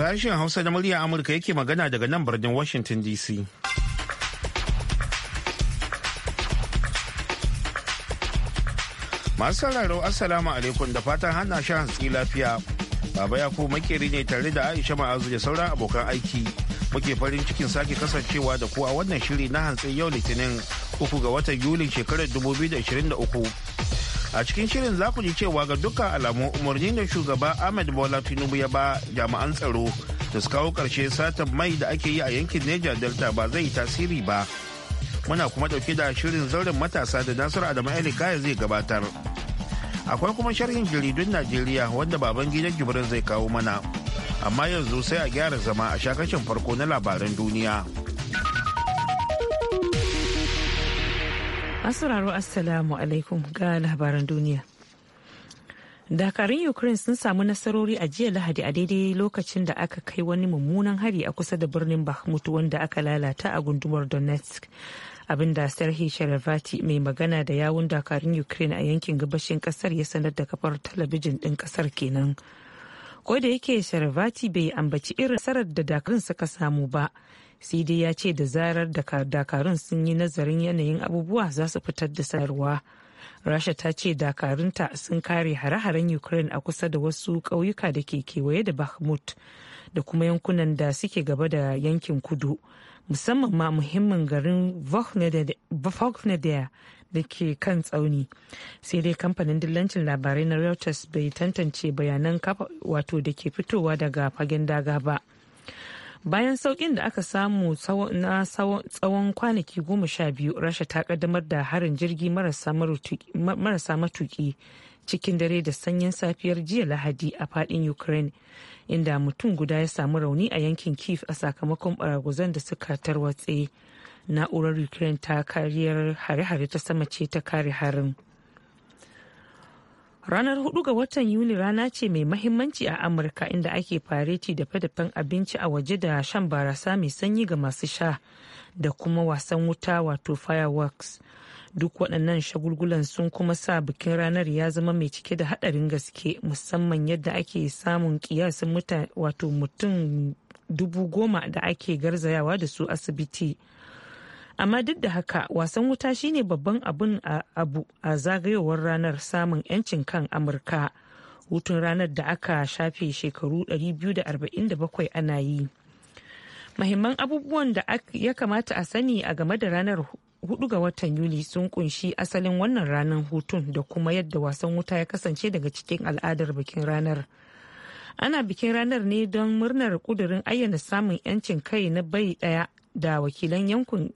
Sashen Hausa na murya Amurka yake magana daga nan birnin Washington DC. Masu sauraro Assalamu alaikum da fatan hana shan hantsi lafiya. Baba Yakubu makeri ne tare da Aisha Ma'azu da sauran abokan aiki. Muke farin cikin sake kasancewa da kuwa wannan shiri na hantsi yau Litinin uku ga watan Yulin shekarar 2023. a cikin shirin za ku ji cewa ga dukkan alamu umarni da shugaba ahmed bola tinubu ya ba jami'an tsaro da su kawo karshe satan mai da ake yi a yankin neja delta ba zai yi tasiri ba muna kuma ɗauke da shirin zauren matasa da nasiru adamu ali kaya zai gabatar akwai kuma sharhin jaridun najeriya wanda baban gidan jibrin zai kawo mana amma yanzu sai a gyara zama a shakashin farko na labaran duniya. Masauraro Assalamu alaikum ga labaran duniya. Dakarun Ukraine sun samu nasarori a jiya Lahadi a daidai lokacin da aka kai wani mummunan hari a kusa da birnin Bakhmut wanda aka lalata a gundumar Donetsk. abinda sarhi sharavati mai magana da yawun dakarun ukraine a yankin gabashin kasar ya sanar da kafar talabijin din kasar kenan ko da yake sharavati bai ambaci irin nasarar da dakarun suka samu ba sai dai ya ce da zarar dakarun sun yi nazarin yanayin abubuwa za su fitar da sanarwa rasha ta ce dakarunta sun kare hare-haren ukraine a kusa da wasu ƙauyuka da ke kewaye da bakhmut da kuma yankunan da suke gaba da yankin kudu musamman ma muhimmin garin Vognedaya da ke kan tsauni sai dai kamfanin dillancin labarai na reuters bai tantance bayanan wato da ke fitowa daga fagen daga ba. bayan saukin da aka samu na tsawon kwanaki goma sha biyu rasha ta kaddamar da harin jirgi marasa matuki cikin dare da sanyin safiyar jiya lahadi a fadin ukraine inda mutum guda ya samu rauni a yankin kif a sakamakon baraguzan da suka tarwatse na'urar ukraine ta kariyar hare-hare ta sama ce ta kare harin. Ranar 4 ga watan yuni rana ce mai mahimmanci a Amurka inda ake fareti da fadafen abinci a waje da shan barasa mai sanyi ga masu sha da kuma wasan wuta wato fireworks. Duk waɗannan shagulgulan sun kuma sa bikin ranar ya zama mai cike da haɗarin gaske musamman yadda ake samun kiyasin wato mutum dubu goma da ake garzayawa da su asibiti. amma duk da haka wasan wuta shine babban abin abu a zagayowar ranar samun 'yancin kan amurka hutun ranar da aka shafe shekaru 247 ana yi mahimman abubuwan da ya kamata a sani a game da ranar 4 ga watan yuli sun kunshi asalin wannan ranar hutun da kuma yadda wasan wuta ya kasance daga cikin al'adar bikin ranar ana bikin ranar ne don murnar kudurin ayyana samun 'yancin kai na bai daya da wakilan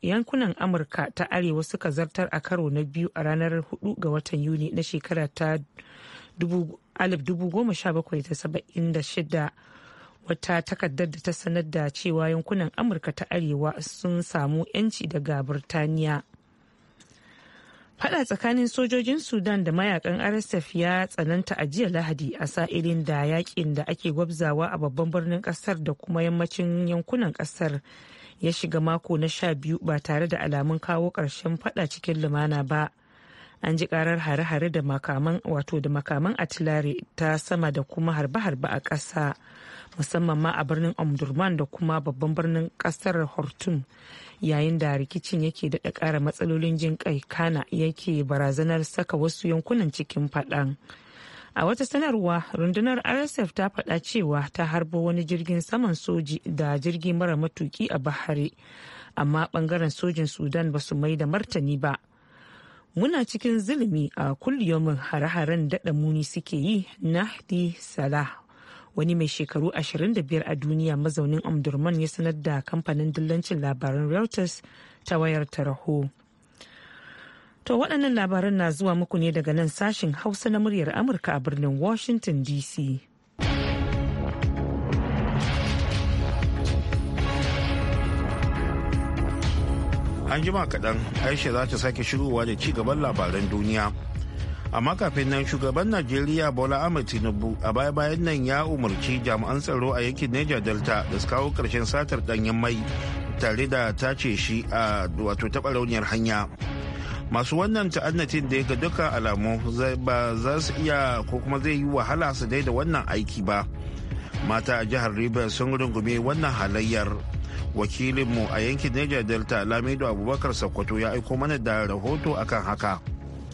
yankunan amurka ta arewa suka zartar a karo na biyu a ranar 4 ga watan yuni na shekara ta 1776 wata takardar da ta sanar da cewa yankunan amurka ta arewa sun samu 'yanci daga birtaniya fada tsakanin sojojin sudan da mayakan rsf ya tsananta a jiya lahadi a sa'irin da yakin da ake gwabzawa a babban birnin kasar da kuma yammacin yankunan kasar ya shiga mako na sha biyu ba tare da alamun kawo ƙarshen fada cikin lumana ba an ji karar hare-hare da makaman wato da makaman atilare ta sama da kuma harbe-harbe a ƙasa musamman ma a birnin omdurman da kuma babban birnin ƙasar hortum yayin da rikicin yake daɗa ƙara matsalolin jin kai kana yake barazanar saka wasu yankunan cikin faɗan. a wata sanarwa rundunar rsf ta faɗa cewa ta harbo wani jirgin saman soji da jirgi mara matuki a bahari amma bangaren sojin sudan ba su mai da martani ba muna cikin zulumi a kulliyomin hare-haren daɗa muni suke yi nahdi salah wani mai shekaru 25 a duniya mazaunin omdurman ya sanar da kamfanin dillancin labaran reuters ta wayar tarho. To waɗannan labaran na zuwa muku ne daga nan sashen Hausa na muryar Amurka a birnin Washington DC. An jima kaɗan Aisha za ta sake shiruwa da ci gaban labaran duniya. Amma kafin nan shugaban Najeriya Bola Ahmed Tinubu a baya-bayan nan ya umarci jami'an tsaro a yankin neja Delta da su kawo ƙarshen satar ɗanyen mai tare da tace shi a wato taɓa rauniyar hanya. masu wannan ta'annatin da ya ga duka alamu ba za su iya ko kuma zai yi wahala su daida wannan aiki ba mata a jihar rivers sun rungume wannan halayyar wakilinmu a yankin niger delta lamido abubakar sokoto ya aiko mana da rahoto akan haka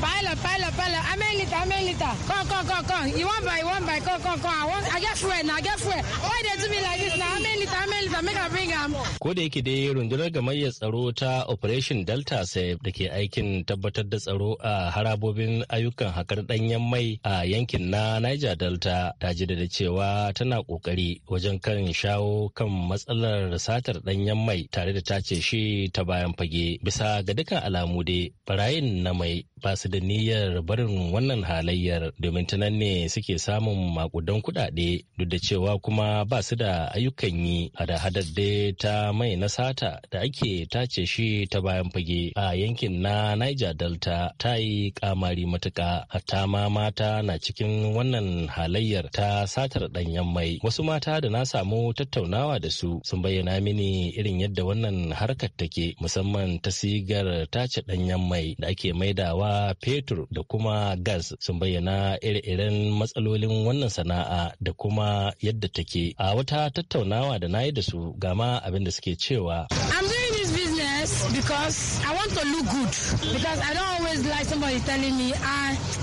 Pilot, pilot, pilot. How many liter? How many liter? Come, come, come, come. You want buy, you want buy. Come, come, come. I want. I get fuel now. I get fuel. Why they do me like this now? How many liter? How many liter? Make I bring am. Ko da yake dai rundunar gamayyar tsaro ta Operation Delta Sai da ke aikin tabbatar da tsaro a harabobin ayyukan hakar danyen mai a yankin na Niger Delta ta ji da cewa tana kokari wajen kan shawo kan matsalar satar danyen mai tare da tace shi ta bayan fage bisa ga dukkan alamu dai barayin na mai ba su da niyyar barin wannan halayyar domin tunan ne suke samun makudan kuɗaɗe duk da cewa kuma ba su da ayyukan yi hada-hadar da ta mai na sata da ake tace shi ta bayan fage a yankin na niger delta ta yi kamari matuka hatta ma mata na cikin wannan halayyar ta satar ɗanyen mai wasu mata da na samu tattaunawa da su sun bayyana mini irin yadda wannan harkar take musamman ta sigar tace ɗanyen mai da ake maidawa kuma fetur da kuma gas sun bayyana ire-iren matsalolin wannan sana'a da kuma yadda take a wata tattaunawa da na yi da su gama abin da suke cewa. this because I want to look good. Because I don't always like somebody telling me, I,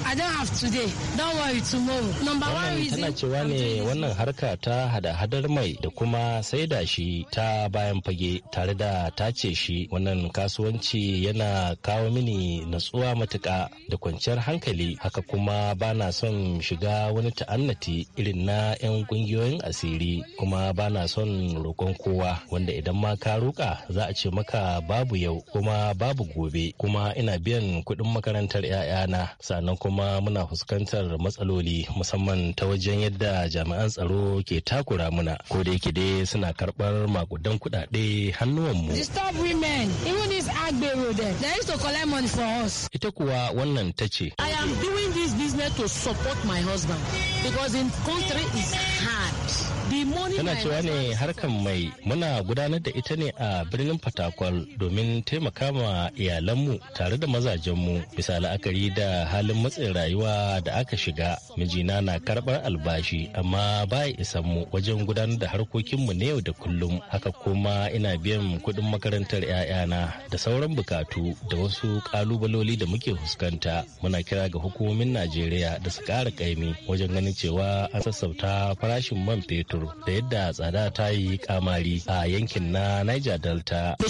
ah, I don't have today. Don't worry tomorrow. Number one reason. Tana cewa ne wannan harka ta hada-hadar mai da kuma saida shi ta bayan fage tare da tace shi wannan kasuwanci yana kawo mini natsuwa matuka da kwanciyar hankali haka kuma ba na son shiga wani ta'annati irin na 'yan kungiyoyin asiri kuma ba na son roƙon kowa wanda idan ma ka roƙa za a ce maka ba babu yau kuma babu gobe kuma ina biyan kuɗin makarantar 'ya'yana sannan kuma muna fuskantar matsaloli musamman ta wajen yadda jami'an tsaro ke takura muna ko da yake dai suna karɓar makudan kuɗaɗe hannuwanmu. Ita kuwa wannan ta ce. I am doing this business to support my husband because in country is Tana cewa ne harkan mai muna gudanar da ita ne a birnin Fatakwal domin taimaka ma iyalanmu tare da mazajenmu bisa la'akari da halin matsin rayuwa da aka shiga. Mijina na karbar albashi amma baya isan mu wajen gudanar da harkokinmu na yau da kullum. Haka kuma ina biyan kuɗin makarantar 'ya'yana da sauran bukatu da wasu ƙalubaloli da muke fuskanta. Muna kira ga hukumomin Najeriya da su ƙara ƙaimi wajen ganin cewa an sassauta farashin man fetur. da yadda tsada ta yi kamari a yankin na Niger Delta. Uh,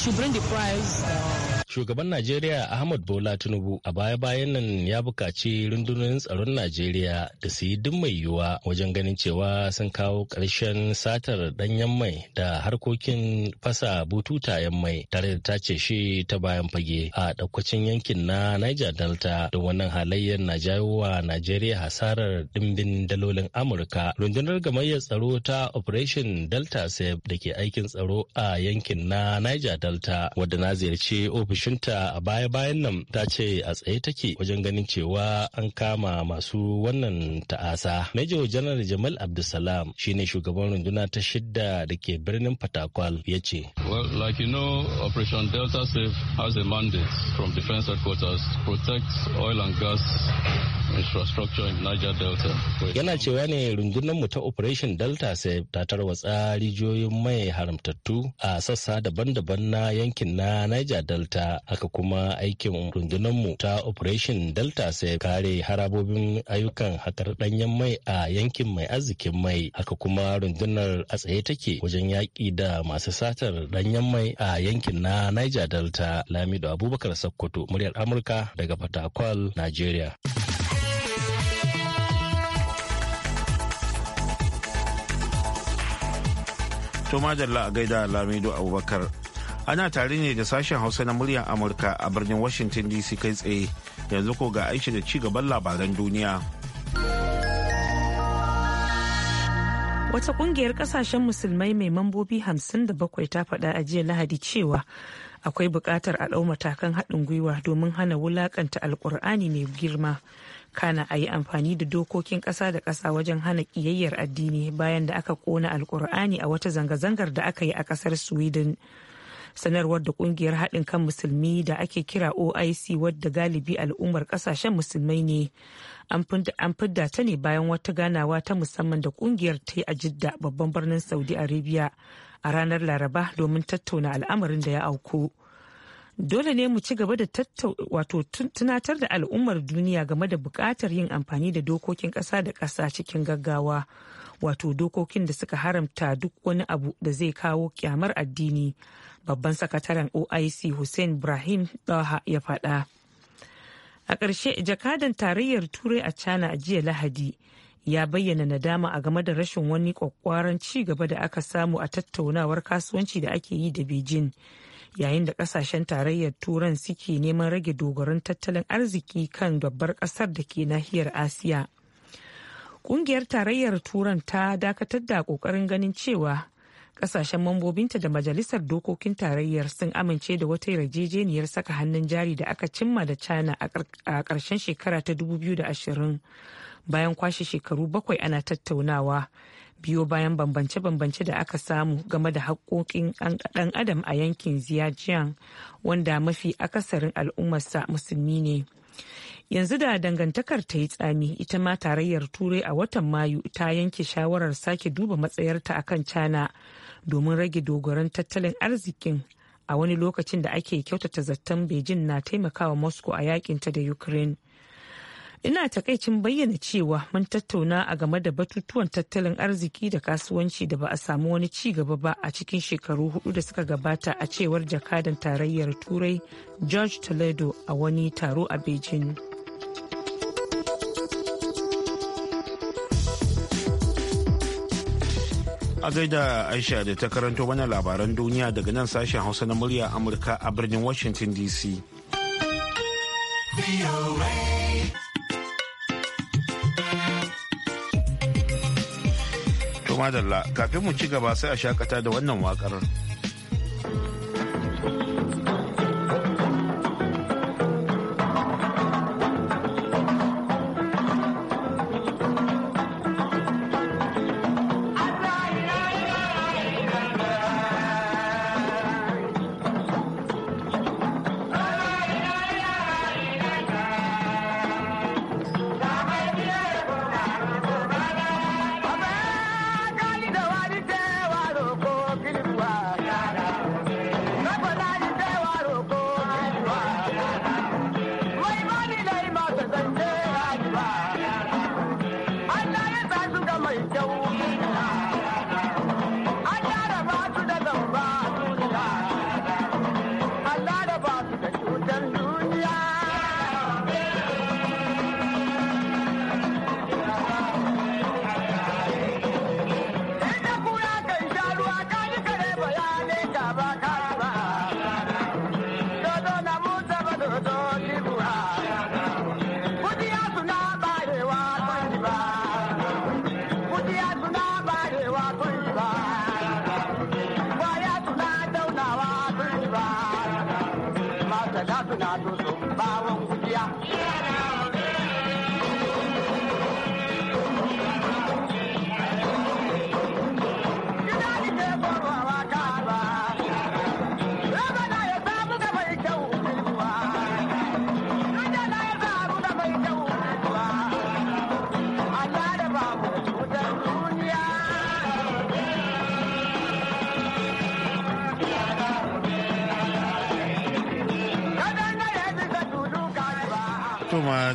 Shugaban Najeriya Ahmad Bola Tinubu a baya-bayan nan ya buƙaci rundunonin tsaron Najeriya da su yi duk mai yiwuwa wajen ganin cewa sun kawo ƙarshen satar ɗanyen mai da harkokin fasa bututa yan mai tare da tace shi ta bayan fage a ɗaukacin yankin na Niger Delta da wannan halayyar na jawo wa Najeriya hasarar dimbin dalolin Amurka. Rundunar gamayyar tsaro ta ta Operation Delta Save da ke aikin tsaro a yankin na Niger Delta wadda na ziyarci ofishinta a baya-bayan nan ta ce a tsaye take wajen ganin cewa an kama masu wannan ta'asa. Major General Jamal Abdulsalam shine shugaban runduna ta shidda da ke birnin Fatakwal ya ce. Yana cewa ne rundunar mu ta Operation Delta Safe sai tatar watsa rijiyoyin mai haramtattu a sassa daban-daban na yankin na niger delta haka kuma aikin mu ta operation delta sai kare harabobin ayyukan hakar danyen mai a yankin mai arzikin mai haka kuma rundunar a tsaye take wajen yaƙi da masu satar danyen mai a yankin na niger delta lamido abubakar sokoto muryar amurka daga fatakwal nigeria To madalla a gaida Lamido Abubakar. Ana tare ne da sashen Hausa na muryar Amurka a birnin Washington DC kai tsaye. Yanzu ko ga aisha da ci gaban labaran duniya. Wata kungiyar kasashen musulmai mai mambobi 57 ta faɗa a jiya Lahadi cewa akwai buƙatar a ɗau matakan haɗin gwiwa domin hana wulaƙanta alƙur'ani mai girma. kana a yi amfani da dokokin ƙasa da ƙasa wajen hana ƙiyayyar addini bayan da aka ƙona alkur'ani a wata zanga-zangar da aka yi a ƙasar sweden sanarwar da ƙungiyar haɗin kan musulmi da ake kira oic wadda galibi al'ummar ƙasashen musulmai ne an fidda ta ne bayan wata ganawa ta musamman da ƙungiyar ta yi a jidda babban birnin saudi arabia a ranar laraba domin tattauna al'amarin da ya auku. dole ne mu ci gaba da wato tunatar da al'ummar duniya game da buƙatar yin amfani da dokokin ƙasa da ƙasa cikin gaggawa wato dokokin da suka haramta duk wani abu da zai kawo kyamar addini babban sakataren oic hussein brahim daha ya faɗa a ƙarshe jakadan tarayyar turai a china jiya lahadi ya bayyana nadama a game da rashin wani kwakwaran ci gaba da aka samu a tattaunawar kasuwanci da ake yi da beijing yayin da kasashen tarayyar turan suke neman rage dogarin tattalin arziki kan babbar kasar da ke nahiyar asiya kungiyar tarayyar turan ta dakatar da kokarin ganin cewa kasashen mambobinta da majalisar dokokin tarayyar sun amince da wata yarjejeniyar saka hannun jari da aka cimma da china a karshen shekara ta 2020 bayan kwashe shekaru bakwai ana tattaunawa biyo bayan bambance-bambance da aka samu game da haƙoƙin ɗan adam a yankin Xinjiang wanda mafi akasarin al'ummarsa musulmi ne. Yanzu da dangantakar ta yi tsami ita ma tarayyar Turai a watan Mayu ta yanke shawarar sake duba matsayarta a kan cana domin rage dogoron tattalin arzikin a wani lokacin da ake kyautata zaton Beijing na taimakawa Moscow a yakinta da Ukraine. ina takaicin bayyana cewa mun tattauna a game da batutuwan tattalin arziki da kasuwanci da ba a samu wani ci gaba ba a cikin shekaru hudu da suka gabata a cewar jakadan tarayyar turai george toledo a wani taro a beijing a gaida aisha da ta karanto mana labaran duniya daga nan sashen hausa na murya amurka a birnin washington dc To madalla kafin mu ci gaba sai a shakata da wannan wakar.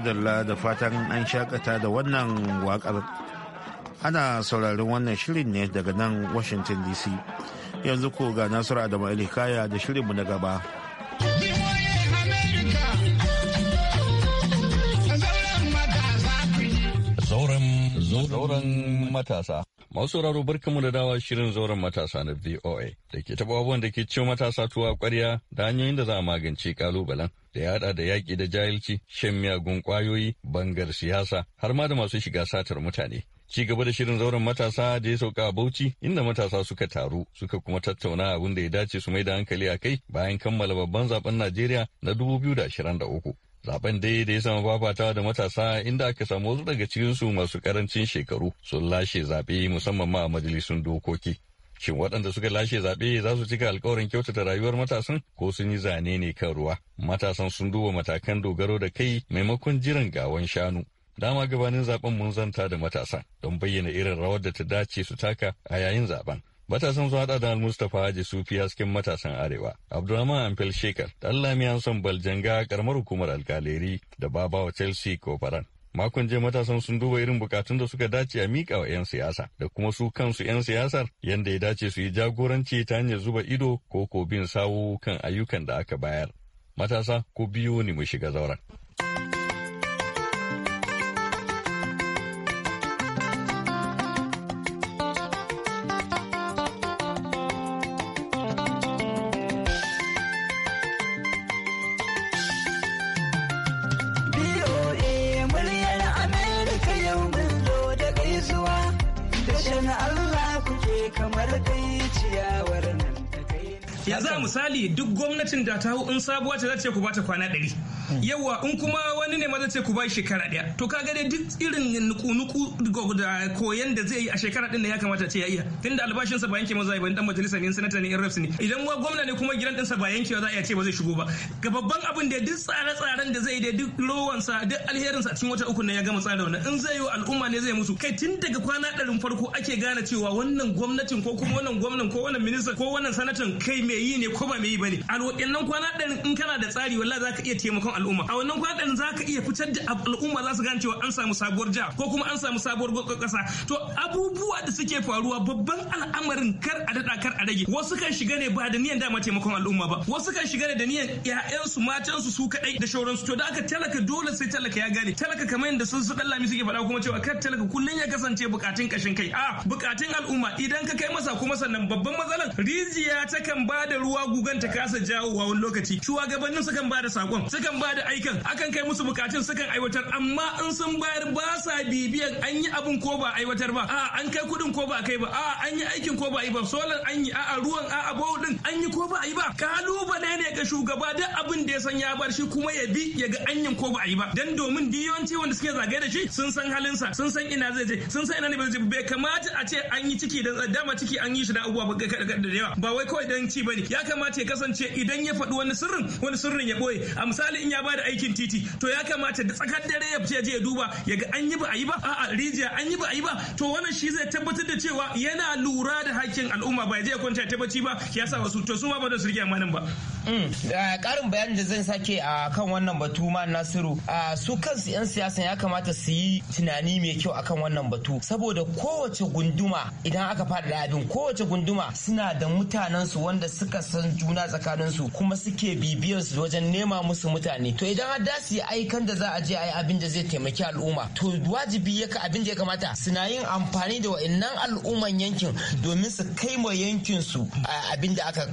madalla da fatan an shakata da wannan wakar ana sauraron wannan shirin ne daga nan washington dc yanzu ko ga nasiru adamu alikaya da shirinmu na gaba zauren matasa Masu sauraro mu da dawa shirin zauren matasa na VOA da ke taɓa abubuwan da ke cewa matasa tuwa ƙwarya da hanyoyin da za a magance ƙalubalen da ya haɗa da yaƙi da jahilci, shan miyagun ƙwayoyi, bangar siyasa, har ma da masu shiga satar mutane. Ci gaba da shirin zauren matasa da ya sauka a Bauchi inda matasa suka taru suka kuma tattauna abin da ya dace su mai da hankali a kai bayan kammala babban zaben Najeriya na dubu biyu da da uku. Zaben dai da ya samu fafatawa da matasa inda aka samu wasu daga cikinsu masu karancin shekaru sun lashe zaɓe musamman ma a majalisun dokoki. Shin waɗanda suka lashe zaɓe za su cika alkawarin kyautata rayuwar matasan ko sun yi zane ne kan ruwa? Matasan sun duba matakan dogaro da kai maimakon jiran gawan shanu. Dama gabanin zaben mun zanta da matasa don bayyana irin rawar da ta dace su taka a yayin zaben. Matasan sun hada da Al-Mustapha Haji Sufi hasken matasan Arewa, Abdulrahman amfil Shekar, Ɗallami Hanson Baljanga karamar hukumar alkaleri da wa Chelsea Kofaran. Makon je matasan sun duba irin bukatun da suka dace a miƙa wa 'yan siyasa da kuma su kansu 'yan siyasar yadda ya dace su yi jagoranci ta hanyar zuba ido ko ko bin sawu kan ayyukan da aka bayar. Matasa ko biyu ne mu shiga zauren. ya za misali duk gwamnatin da ta hau in sabuwa ce za ce ku bata kwana ɗari Hmm. yawa in kuma wani ne zai ce ku bai shekara daya to kaga dai duk irin nuku-nuku da koyan da zai yi a shekara din da ya kamata ce ya iya da albashinsa ba yanke maza ba dan majalisa ne sanata ne in reps ne idan wa gwamna ne kuma gidan ɗinsa ba yankewa za a iya ce ba zai shigo ba ga babban abin da duk tsare-tsaren da zai da duk lowansa duk alherinsa a cikin wata uku ne ya gama tsara wannan in zai yi al'umma ne zai musu kai tun daga kwana ɗarin farko ake gane cewa wannan gwamnatin ko kuma wannan gwamnan ko wannan minista ko wannan sanatan kai mai yi ne ko ba mai yi bane a nan kwana ɗarin in kana da tsari wallahi za ka iya taimakon al'umma a wannan kwaɗin za ka iya fitar da al'umma za su gane cewa an samu sabuwar jiha ko kuma an samu sabuwar ƙasa to abubuwa da suke faruwa babban al'amarin kar a daɗa kar a rage wasu kan shiga ne ba da niyan dama taimakon al'umma ba wasu kan shiga ne da niyan ƴaƴansu matansu su kaɗai da shauransu to da aka talaka dole sai talaka ya gane talaka kamar yadda sun su lami suke faɗa kuma cewa kar talaka kullum ya kasance bukatun kashin kai a bukatun al'umma idan ka kai masa kuma sannan babban matsalar rijiya ta kan ba da ruwa gugan ta kasa jawo wa wani lokaci shugabannin sukan ba da sakon sukan ba da aikin akan kai musu bukatun sukan aiwatar amma in sun bayar ba sa bibiyan an yi abin ko ba aiwatar ba a an kai kudin ko ba kai ba a an yi aikin ko ba yi ba solar an yi a ruwan a abu din an yi ko ba yi ba kalubale ne ga shugaba duk abin da ya san ya bar shi kuma ya bi ya ga yi ko ba a yi ba dan domin diyonci wanda suke zagaye da shi sun san halinsa sun san ina zai je sun san ina ne ba zai bai kamata a ce an yi ciki dan dama ciki an yi shi da abubuwa ba kada da yawa ba wai kawai dan ci bane ya kamata ya kasance idan ya faɗi wani sirrin wani sirrin ya boye a misali in ya bada aikin titi to ya kamata da tsakar dare ya fita je ya duba ya ga an yi ba a yi ba a'a rijiya an yi ba a yi ba to wannan shi zai tabbatar da cewa yana lura da hakkin al'umma ba ya je ya kwanta ta bacci ba ya sa wasu to su ma ba da su rike amanin ba karin mm. bayanin da zan sake a kan wannan batu ma nasiru su kansu 'yan siyasan ya kamata su yi tunani mai kyau akan wannan batu saboda kowace gunduma idan aka fara da abin kowace gunduma suna da mutanensu wanda suka san juna tsakaninsu kuma suke su wajen nema musu mutane ne to idan har da su yi aikan da za a je a yi abin da zai taimaki al'umma to wajibi ya abin da ya kamata suna yin amfani da wa'annan al'umman yankin domin su kai ma yankin su abin da aka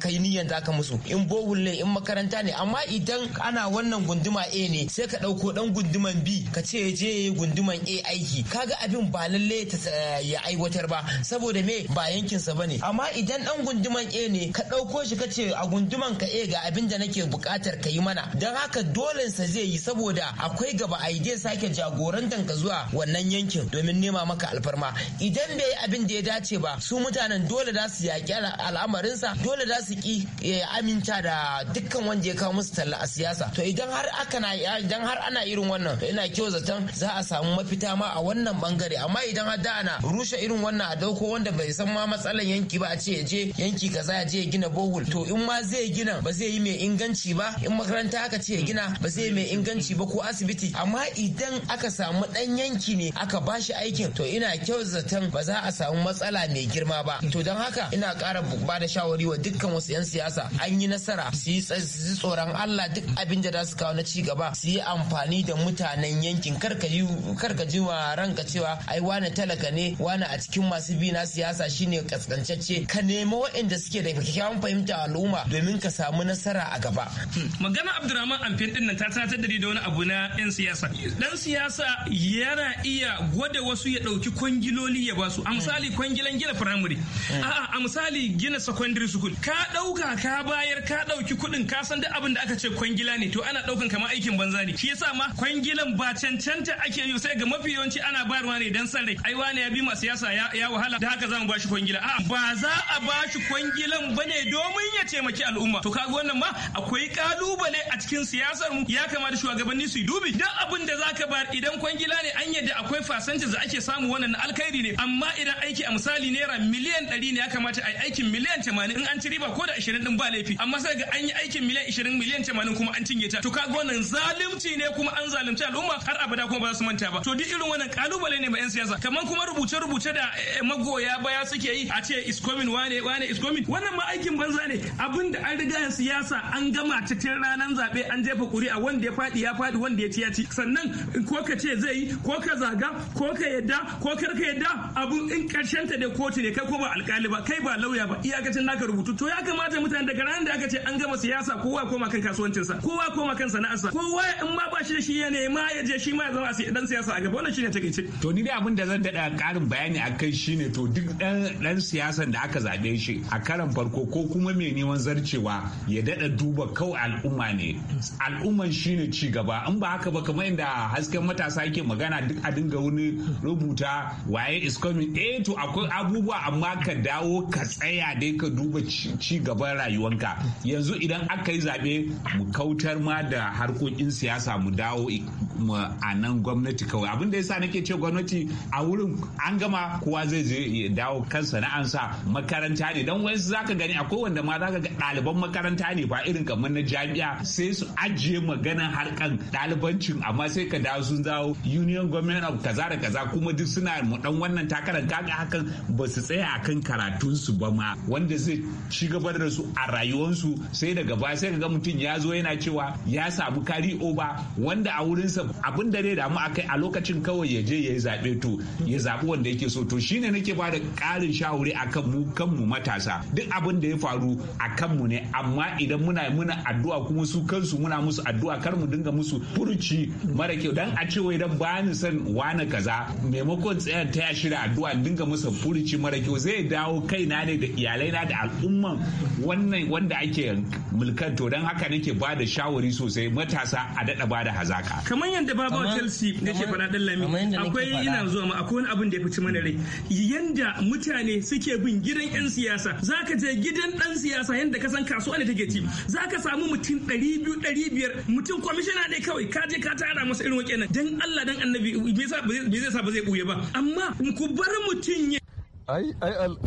kai niyyar da aka musu in bohul ne in makaranta ne amma idan ana wannan gunduma A ne sai ka ɗauko dan gunduman B ka ce ya je gunduman A aiki ga abin ba lalle eh, ya aiwatar ba saboda me ba yankinsa ba ne amma idan dan gunduman A ne ka ɗauko shi ka ce a gunduman ka A ga abin da nake buƙatar ka yi mana mana don haka dole sa zai yi saboda akwai gaba a yi sake jagorantar ka zuwa wannan yankin domin nema maka alfarma idan bai yi abin da ya dace ba su mutanen dole za su yaƙi al'amarinsa dole za su ki eh, aminta da dukkan wanda ya kawo musu talla a siyasa to idan har aka na idan har ana irin wannan to ina kyau zaton za a samu mafita ma a wannan bangare amma idan har da ana rushe irin wannan a dauko wanda bai san ma matsalan yanki ba a ce ya je yanki kaza ya je ya gina bohol to in ma zai gina ba zai yi mai inganci ba in makaranta makaranta aka ce gina ba zai mai inganci ba ko asibiti amma idan aka samu dan yanki ne aka bashi aikin to ina kyau zaton ba za a samu matsala mai girma ba to don haka ina ƙara ba da shawari wa dukkan wasu 'yan siyasa an yi nasara su yi tsoron Allah duk abin da za su kawo na ci gaba su yi amfani da mutanen yankin karka ji wa ranka cewa ai wani talaka ne wani a cikin masu bi na siyasa shine kaskancacce ka nemi waɗanda suke da kyakkyawan fahimta al'umma domin ka samu nasara a gaba. Hmm, magana abdurrahman amfin din nan ta tatar da wani abu na yan siyasa dan siyasa yana iya gwada wasu ya dauki kwangiloli ya basu a misali kwangilan gina firamare a'a a misali gina secondary school ka dauka ka bayar ka dauki kudin ka san duk abin da aka ce kwangila ne to ana daukan kamar aikin banza ne shi yasa ma kwangilan ba cancanta ake yi sai ga mafi yawanci ana bayarwa ne dan san rai ai wani ya bi ma siyasa ya wahala da haka zamu bashi kwangila a'a ba za a bashi kwangilan bane domin ya taimaki al'umma to kaga wannan ma akwai kalubale a cikin siyasar mu ya kamata shugabanni su dubi duk abin da zaka bar idan kwangila ne an yadda akwai fasanci da ake samu wannan alkhairi ne amma idan aiki a misali naira miliyan 100 ne ya kamata a yi aikin miliyan 80 in an ci riba ko da 20 din ba laifi amma sai ga an yi aikin miliyan 20 miliyan 80 kuma an cinye ta to kaga wannan zalunci ne kuma an zalunci al'umma har abada kuma ba za su manta ba to duk irin wannan kalubale ne ba yan siyasa kamar kuma rubuce rubuce da eh, magoya baya suke yi a ce iskomin wane wane iskomin wannan ma aikin banza ne abin da an riga siyasa an gama ta tun ranar an zaɓe an jefa a wanda ya faɗi ya fadi wanda ya ci ya ci sannan ko ka ce zai yi ko ka zaga ko ka yadda ko kar ka yadda abun in karshen ta da kotu ne kai ko ba alƙali ba kai ba lauya ba iyakacin naka rubutu to ya kamata mutane daga ranar da aka ce an gama siyasa kowa koma kan kasuwancinsa kowa koma kan sana'arsa kowa in ma ba shi da shi ya ma ya je shi ma ya zama dan siyasa a gaba wannan shine takeice to ni dai abin da zan daɗa karin bayani a akai shine to duk ɗan siyasan da aka zaɓe shi a karan farko ko kuma mai neman zarcewa ya dada duba kawai al'umma ne ne al'umman shine ci gaba in ba haka ba kamar inda hasken matasa yake magana duk a dinga wani rubuta waye is coming eh to akwai abubuwa amma ka dawo ka tsaya dai ka duba ci gaban rayuwanka yanzu idan aka yi zaɓe mu kautar ma da harkokin siyasa mu dawo a nan gwamnati kawai abin da yasa nake ce gwamnati a wurin an gama kowa zai je ya dawo kan sana'ansa makaranta ne dan wayansu zaka gani akwai wanda ma zaka ga ɗaliban makaranta ne ba irin kamar na jami'a sai su ajiye maganan harkan ɗalibancin amma sai ka dawo sun zawo union government of kaza da kaza kuma duk suna mu dan wannan takarar kaga hakan ba su tsaya akan karatun su ba ma wanda zai ci gaba da su a rayuwarsu sai daga baya sai ga mutum ya zo yana cewa ya samu kari oba wanda a wurinsa abin da zai damu akai a lokacin kawai ya je ya yi zaɓe to ya zaɓi wanda yake so to shine nake ba da ƙarin shawari akan mu kanmu matasa duk abin da ya faru a kanmu ne amma idan muna muna addu'a kuma su kansu muna musu addu'a kar mu dinga musu furuci mara kyau dan a ce wai dan ba ni san wani kaza maimakon tsayar taya shi da addu'a dinga musu furuci mara kyau zai dawo kaina ne da iyalai na da al'umman wannan wanda ake mulkan to dan haka nake ba da shawari sosai matasa a dada ba da hazaka kamar yadda baba Chelsea nake fara dan lami akwai ina zuwa ma akwai wani abin da ya fice mana rai yanda mutane suke bin gidan yan siyasa zaka je gidan dan siyasa yanda ka san kasuwa ne take ci zaka samu mutum ɗari ɗari biyu ɗari mutum kwamishina ne kawai ka je ka tara masa irin nan dan Allah dan annabi bai ba zai sa ba zai buye ba amma ku bar mutum ya ai ai al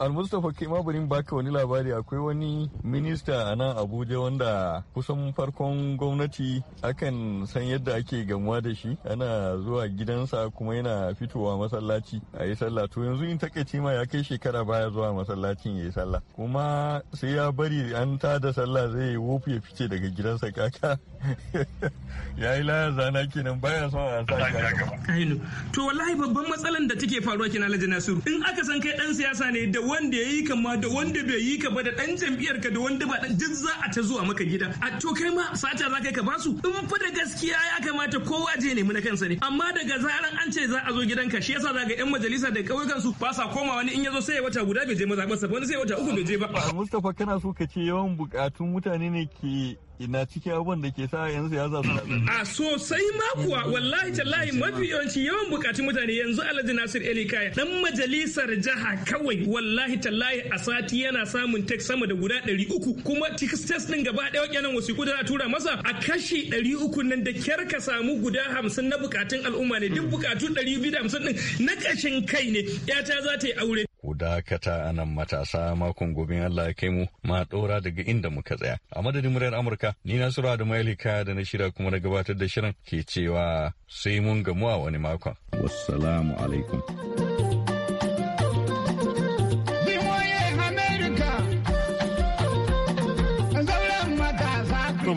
almustafa ke ma barin baka wani labari akwai wani minista a nan abuja wanda kusan farkon gwamnati akan san yadda ake gamuwa da shi ana zuwa gidansa kuma yana fitowa masallaci a yi sallah to yanzu in takaice ma ya kai shekara baya zuwa masallacin ya yi sallah kuma sai ya bari an da sallah zai wofi ya fice daga gidansa kaka ya yi layar zana kenan baya son a sa shi to wallahi babban matsalan da take faruwa kenan alhaji nasiru in aka san kai dan siyasa ne da wanda ya yi kama da wanda bai yi ka ba da dan jam'iyyar ka da wanda ba dan duk za a ta zuwa maka gida a to kai ma sata za kai ka su. in fa da gaskiya ya kamata kowa je nemi na kansa ne amma daga zaran an ce za a zo gidanka shi yasa zaga yan majalisa da kauyukan su ba sa koma wani in yazo sai ya wata guda bai je maza ba sai wata uku bai je ba Mustapha kana so ka ce yawan bukatun mutane ne ke ina cikin abin da ke sa yanzu ya za a sosai ma kuwa wallahi tallahi mafi yawanci yawan bukatun mutane yanzu alhaji nasir eli kaya dan majalisar jiha kawai wallahi tallahi a sati yana samun tek sama da guda ɗari uku kuma tikistes din gaba ɗaya wasu wasiƙu a tura masa a kashi ɗari uku nan da kyar ka samu guda hamsin na bukatun al'umma ne duk bukatu ɗari biyu da hamsin din na ƙashin kai ne yata za ta yi aure ku dakata a nan matasa makon gobe Allah ya kai mu ma dora daga inda muka tsaya. A madadin muryar Amurka, ni na sura da Mailika da na shira kuma na gabatar da shirin ke cewa sai mun gamu a wani makon. Wassalamu alaikum.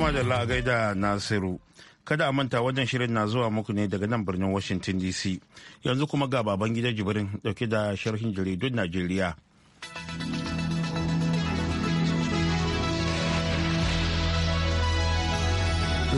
da da Nasiru. kada a manta wannan shirin na zuwa muku ne daga nan birnin washington dc yanzu kuma ga baban gida jibrin dauke da sharhin jaridun najeriya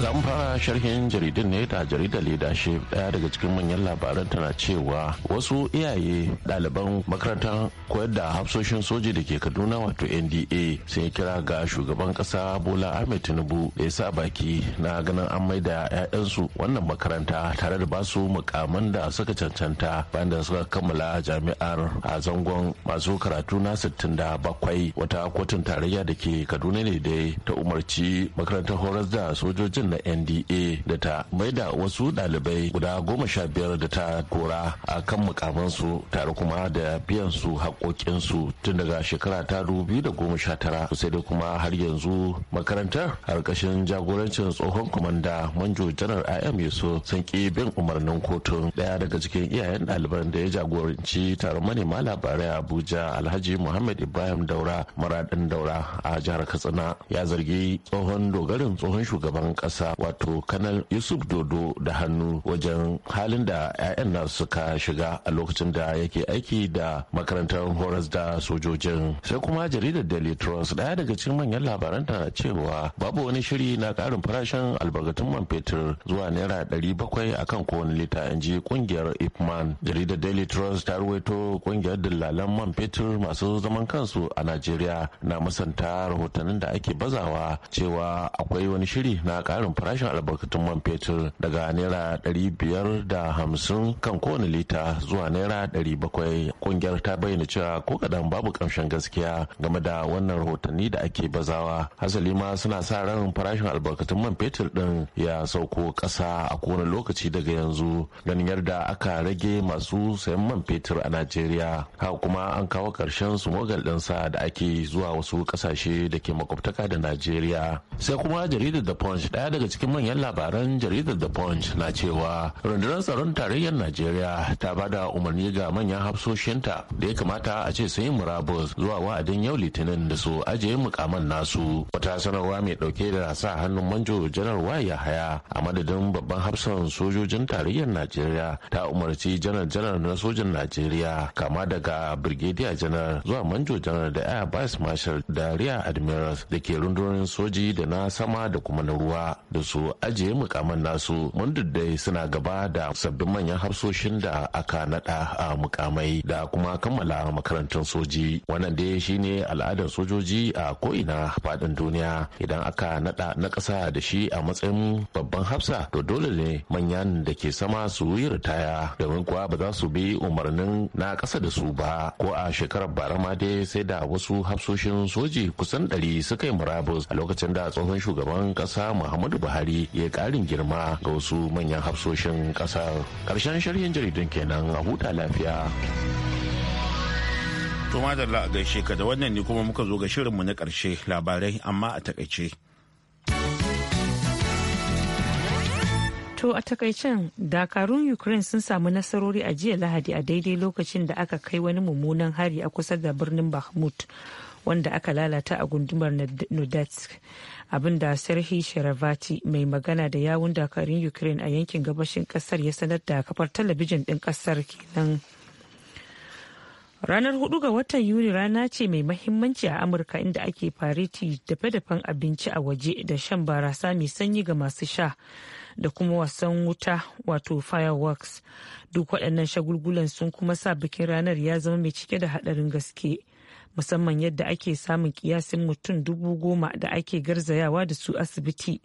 za mu fara sharhin jaridun ne da jaridar shi daya daga cikin manyan labaran tana cewa wasu iyaye ɗaliban makarantar koyar da hafsoshin soji da ke kaduna wato nda sun kira ga shugaban ƙasa bola ahmed tinubu da ya sa baki na ganin an da 'ya'yansu wannan makaranta tare da basu mukaman da suka cancanta bayan da suka kammala jami'ar a zangon masu karatu na sittin da bakwai wata kotun tarayya da ke kaduna ne dai ta umarci makarantar horas da sojojin kwamitin na nda da ta maida wasu ɗalibai guda goma sha biyar da ta kora a kan mukamansu tare kuma da biyan su haƙoƙinsu tun daga shekara ta dubu da goma sha tara sai dai kuma har yanzu makarantar harkashin jagorancin tsohon kwamanda manjo janar im yaso sun ƙi bin umarnin kotun ɗaya daga cikin iyayen ɗaliban da ya jagoranci taron manema labarai abuja alhaji muhammad ibrahim daura maradin daura a jihar katsina ya zargi tsohon dogarin tsohon shugaban ƙasa nasa wato kanal yusuf dodo da hannu wajen halin da 'ya'yan na suka shiga a lokacin da yake aiki da makarantar horas da sojojin sai kuma jaridar daily trust daya daga cikin manyan labaran tana cewa babu wani shiri na karin farashin albarkatun man fetur zuwa naira 700 akan kowane lita in ji kungiyar ipman jaridar daily trust ta ruwaito kungiyar dillalan man fetur masu zaman kansu a najeriya na musanta rahotannin da ake bazawa cewa akwai wani shiri na karin karin farashin albarkatun man fetur daga naira ɗari biyar da hamsin kan kowane lita zuwa naira ɗari bakwai ƙungiyar ta bayyana cewa ko kaɗan babu ƙamshin gaskiya game da wannan rahotanni da ake bazawa hasali ma suna sa ran farashin albarkatun man fetur ɗin ya sauko ƙasa a kowane lokaci daga yanzu ganin yadda aka rage masu sayan man fetur a najeriya haka kuma an kawo ƙarshen sumogal ɗinsa da ake zuwa wasu ƙasashe da ke makwabtaka da najeriya sai kuma jaridar da punch ɗaya daga cikin manyan labaran jaridar The Punch na cewa rundunar tsaron tarayyar Najeriya ta bada umarni ga manyan hafsoshinta da ya kamata a ce sun yi murabus zuwa wa'adin yau litinin da su ajiye mukaman nasu. Wata sanarwa mai dauke da sa hannun manjo janar Waya Haya a madadin babban hafsan sojojin tarayyar Najeriya ta umarci janar janar na sojin Najeriya kama daga Birgediya janar zuwa manjo janar da Air Vice Marshal da Admiral da ke rundunar soji da na sama da kuma na ruwa da su ajiye mukaman nasu mun dai suna gaba da sabbin manyan hafsoshin da aka nada a mukamai da kuma kammala makarantun soji wannan dai shine al'adar sojoji a ko'ina faɗin duniya idan aka nada na ƙasa da shi a matsayin babban hafsa to dole ne manyan da ke sama su yi ritaya domin kuwa ba za su bi umarnin na ƙasa da su ba ko a shekarar bara ma dai sai da wasu hafsoshin soji kusan ɗari suka yi murabus a lokacin da tsohon shugaban ƙasa muhammadu muhammadu buhari ya karin girma ga wasu manyan hafsoshin kasar karshen shirin jaridun kenan a huta lafiya to madalla a gaishe ka da wannan ne kuma muka zo ga shirinmu na karshe labarai amma a takaice To a takaicen dakarun Ukraine sun samu nasarori a jiya Lahadi a daidai lokacin da aka kai wani mummunan hari a kusa da birnin Bakhmut wanda aka lalata a gundumar Nudatsk. abinda sarhi sharavati mai magana da yawun dakarun ukraine a yankin gabashin kasar ya sanar da kafar talabijin din kasar kenan ranar hudu ga watan yuni rana ce mai mahimmanci a amurka inda ake fariti dafe-dafen abinci a waje da shan barasa mai sanyi ga masu sha da kuma wasan wuta wato fireworks duk waɗannan shagulgulan sun kuma sa bikin ranar ya zama mai cike da haɗarin gaske. musamman yadda ake samun kiyasin mutum dubu goma da ake garzayawa da su asibiti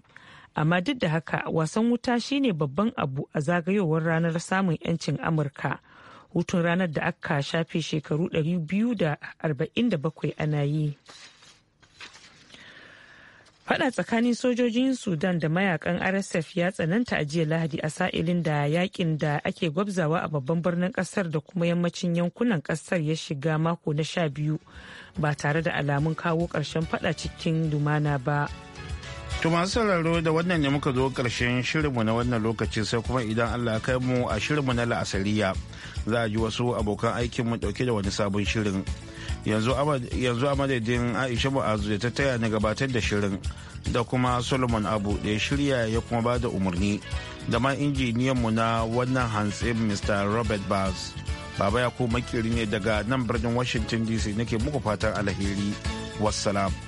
amma duk da haka wasan wuta shine babban abu a zagayowar ranar samun 'yancin amurka hutun ranar da aka shafe shekaru 247 ana yi Fada tsakanin sojojin Sudan da mayakan RSF ya tsananta a jiya Lahadi a sa'ilin da yakin da ake gwabzawa a babban birnin kasar da kuma yammacin yankunan kasar ya shiga mako na sha biyu ba tare da alamun kawo ƙarshen fada cikin lumana ba. To masu sauraro da wannan ne muka zo ƙarshen shirinmu na wannan lokaci sai kuma idan Allah kai mu a shirinmu na la'asariya za a ji wasu abokan aikinmu ɗauke da wani sabon shirin. yanzu a madadin aisha mu'azu da ta taya na gabatar da shirin da kuma solomon abu da ya shirya ya kuma ba da umarni da ma mu na wannan hantsi mr robert bars baba ya ko makiri ne daga nan birnin washington dc nake muku fatan alheri wassalam